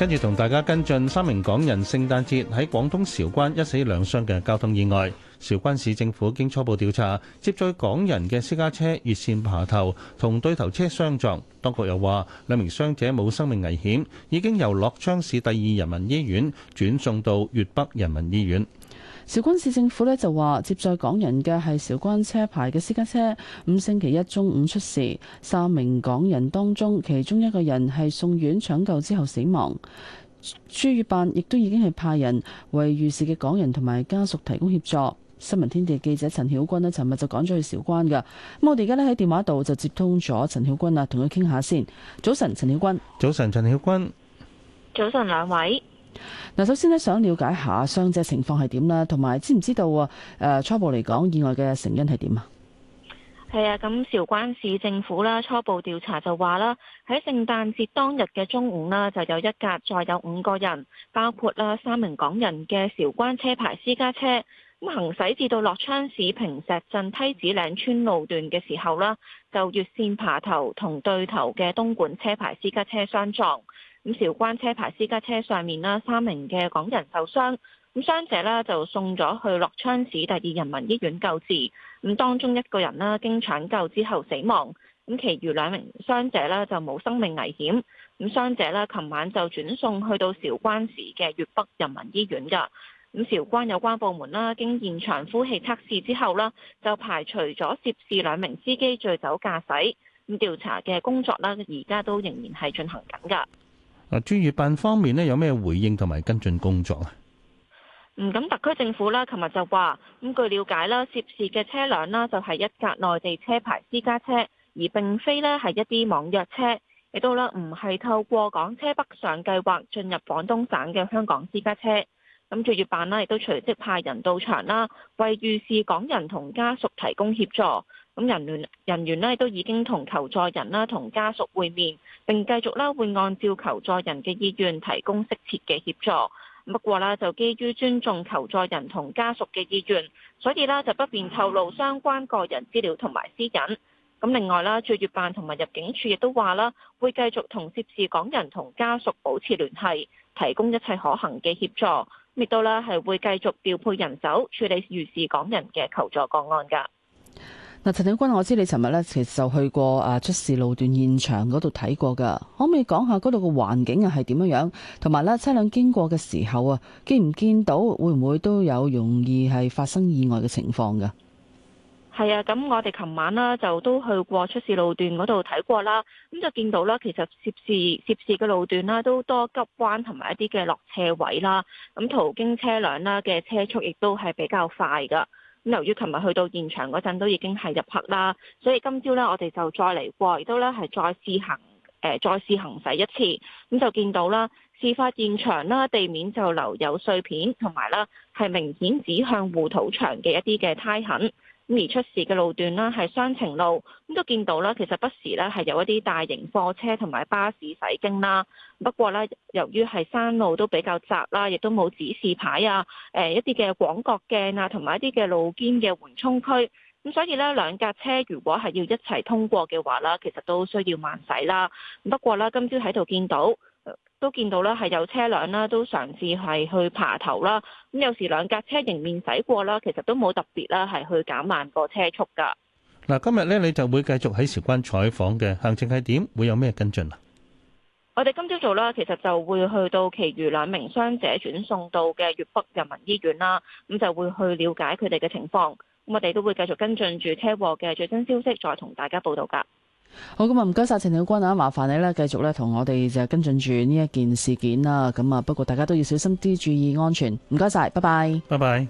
跟住同大家跟進三名港人聖誕節喺廣東韶關一死兩傷嘅交通意外。韶關市政府經初步調查，接載港人嘅私家車越線爬頭，同對頭車相撞。當局又話兩名傷者冇生命危險，已經由樂昌市第二人民醫院轉送到粵北人民醫院。韶關市政府咧就話，接載港人嘅係韶關車牌嘅私家車，五星期一中午出事，三名港人當中，其中一個人係送院搶救之後死亡。駐粵辦亦都已經係派人為遇事嘅港人同埋家屬提供協助。新聞天地記者陳曉筠咧，尋日就趕咗去韶關噶，咁我哋而家咧喺電話度就接通咗陳曉筠啦，同佢傾下先。早晨，陳曉筠。早晨，陳曉筠。早晨，兩位。嗱，首先咧想了解下傷者情況係點啦，同埋知唔知道誒初步嚟講意外嘅成因係點啊？係啊，咁韶關市政府啦初步調查就話啦，喺聖誕節當日嘅中午啦，就有一架載有五個人，包括啦三名港人嘅韶關車牌私家車，咁行駛至到樂昌市平石鎮梯子嶺村路段嘅時候啦，就越線爬頭同對頭嘅東莞車牌私家車相撞。咁韶關車牌私家車上面啦，三名嘅港人受傷，咁傷者呢，就送咗去樂昌市第二人民醫院救治。咁當中一個人咧經搶救之後死亡，咁其餘兩名傷者呢，就冇生命危險。咁傷者呢，琴晚就轉送去到韶關市嘅粵北人民醫院噶。咁韶關有關部門啦，經現場呼氣測試之後啦，就排除咗涉事兩名司機醉酒駕駛。咁調查嘅工作啦，而家都仍然係進行緊噶。啊！駐粵辦方面咧，有咩回應同埋跟進工作啊？嗯，咁特區政府咧，琴日就話，咁據了解啦，涉事嘅車輛啦，就係一架內地車牌私家車，而並非咧係一啲網約車，亦都啦唔係透過港車北上計劃進入廣東省嘅香港私家車。咁駐粵辦啦，亦都隨即派人到場啦，為遇事港人同家屬提供協助。咁人員人員咧都已經同求助人啦同家屬會面，並繼續啦會按照求助人嘅意願提供適切嘅協助。不過呢就基於尊重求助人同家屬嘅意願，所以呢就不便透露相關個人資料同埋私隱。咁另外啦，駐粵辦同埋入境處亦都話啦，會繼續同涉事港人同家屬保持聯繫，提供一切可行嘅協助。亦都啦係會繼續調配人手處理遇事港人嘅求助個案㗎。嗱，陳曉筠，我知你尋日咧其實就去過啊，出事路段現場嗰度睇過噶，可唔可以講下嗰度嘅環境又係點樣樣，同埋咧車輛經過嘅時候啊，見唔見到，會唔會都有容易係發生意外嘅情況噶？係啊，咁我哋琴晚啦就都去過出事路段嗰度睇過啦，咁就見到啦，其實涉事涉事嘅路段啦都多急彎同埋一啲嘅落斜位啦，咁途經車輛啦嘅車速亦都係比較快噶。咁由於琴日去到現場嗰陣都已經係入黑啦，所以今朝咧我哋就再嚟過，亦都咧係再試行，誒、呃、再試行駛一次，咁就見到啦，事發現場啦地面就留有碎片，同埋咧係明顯指向護土牆嘅一啲嘅胎痕。而出事嘅路段啦，係雙程路。咁都見到啦，其實不時咧係有一啲大型貨車同埋巴士駛經啦。不過呢，由於係山路都比較窄啦，亦都冇指示牌啊，誒一啲嘅廣角鏡啊，同埋一啲嘅路肩嘅緩衝區。咁所以呢，兩架車如果係要一齊通過嘅話啦，其實都需要慢駛啦。不過呢，今朝喺度見到。都見到啦，係有車輛啦，都嘗試係去爬頭啦。咁有時兩架車迎面駛過啦，其實都冇特別啦，係去減慢個車速噶。嗱，今日咧你就會繼續喺韶關採訪嘅，行程係點？會有咩跟進啊？我哋今朝早啦，其實就會去到其餘兩名傷者轉送到嘅粵北人民醫院啦，咁就會去了解佢哋嘅情況。咁我哋都會繼續跟進住車禍嘅最新消息，再同大家報道噶。好，咁啊，唔該晒陳曉筠啊，麻煩你咧繼續咧同我哋就跟進住呢一件事件啦。咁啊，不過大家都要小心啲，注意安全。唔該晒，拜拜，拜拜。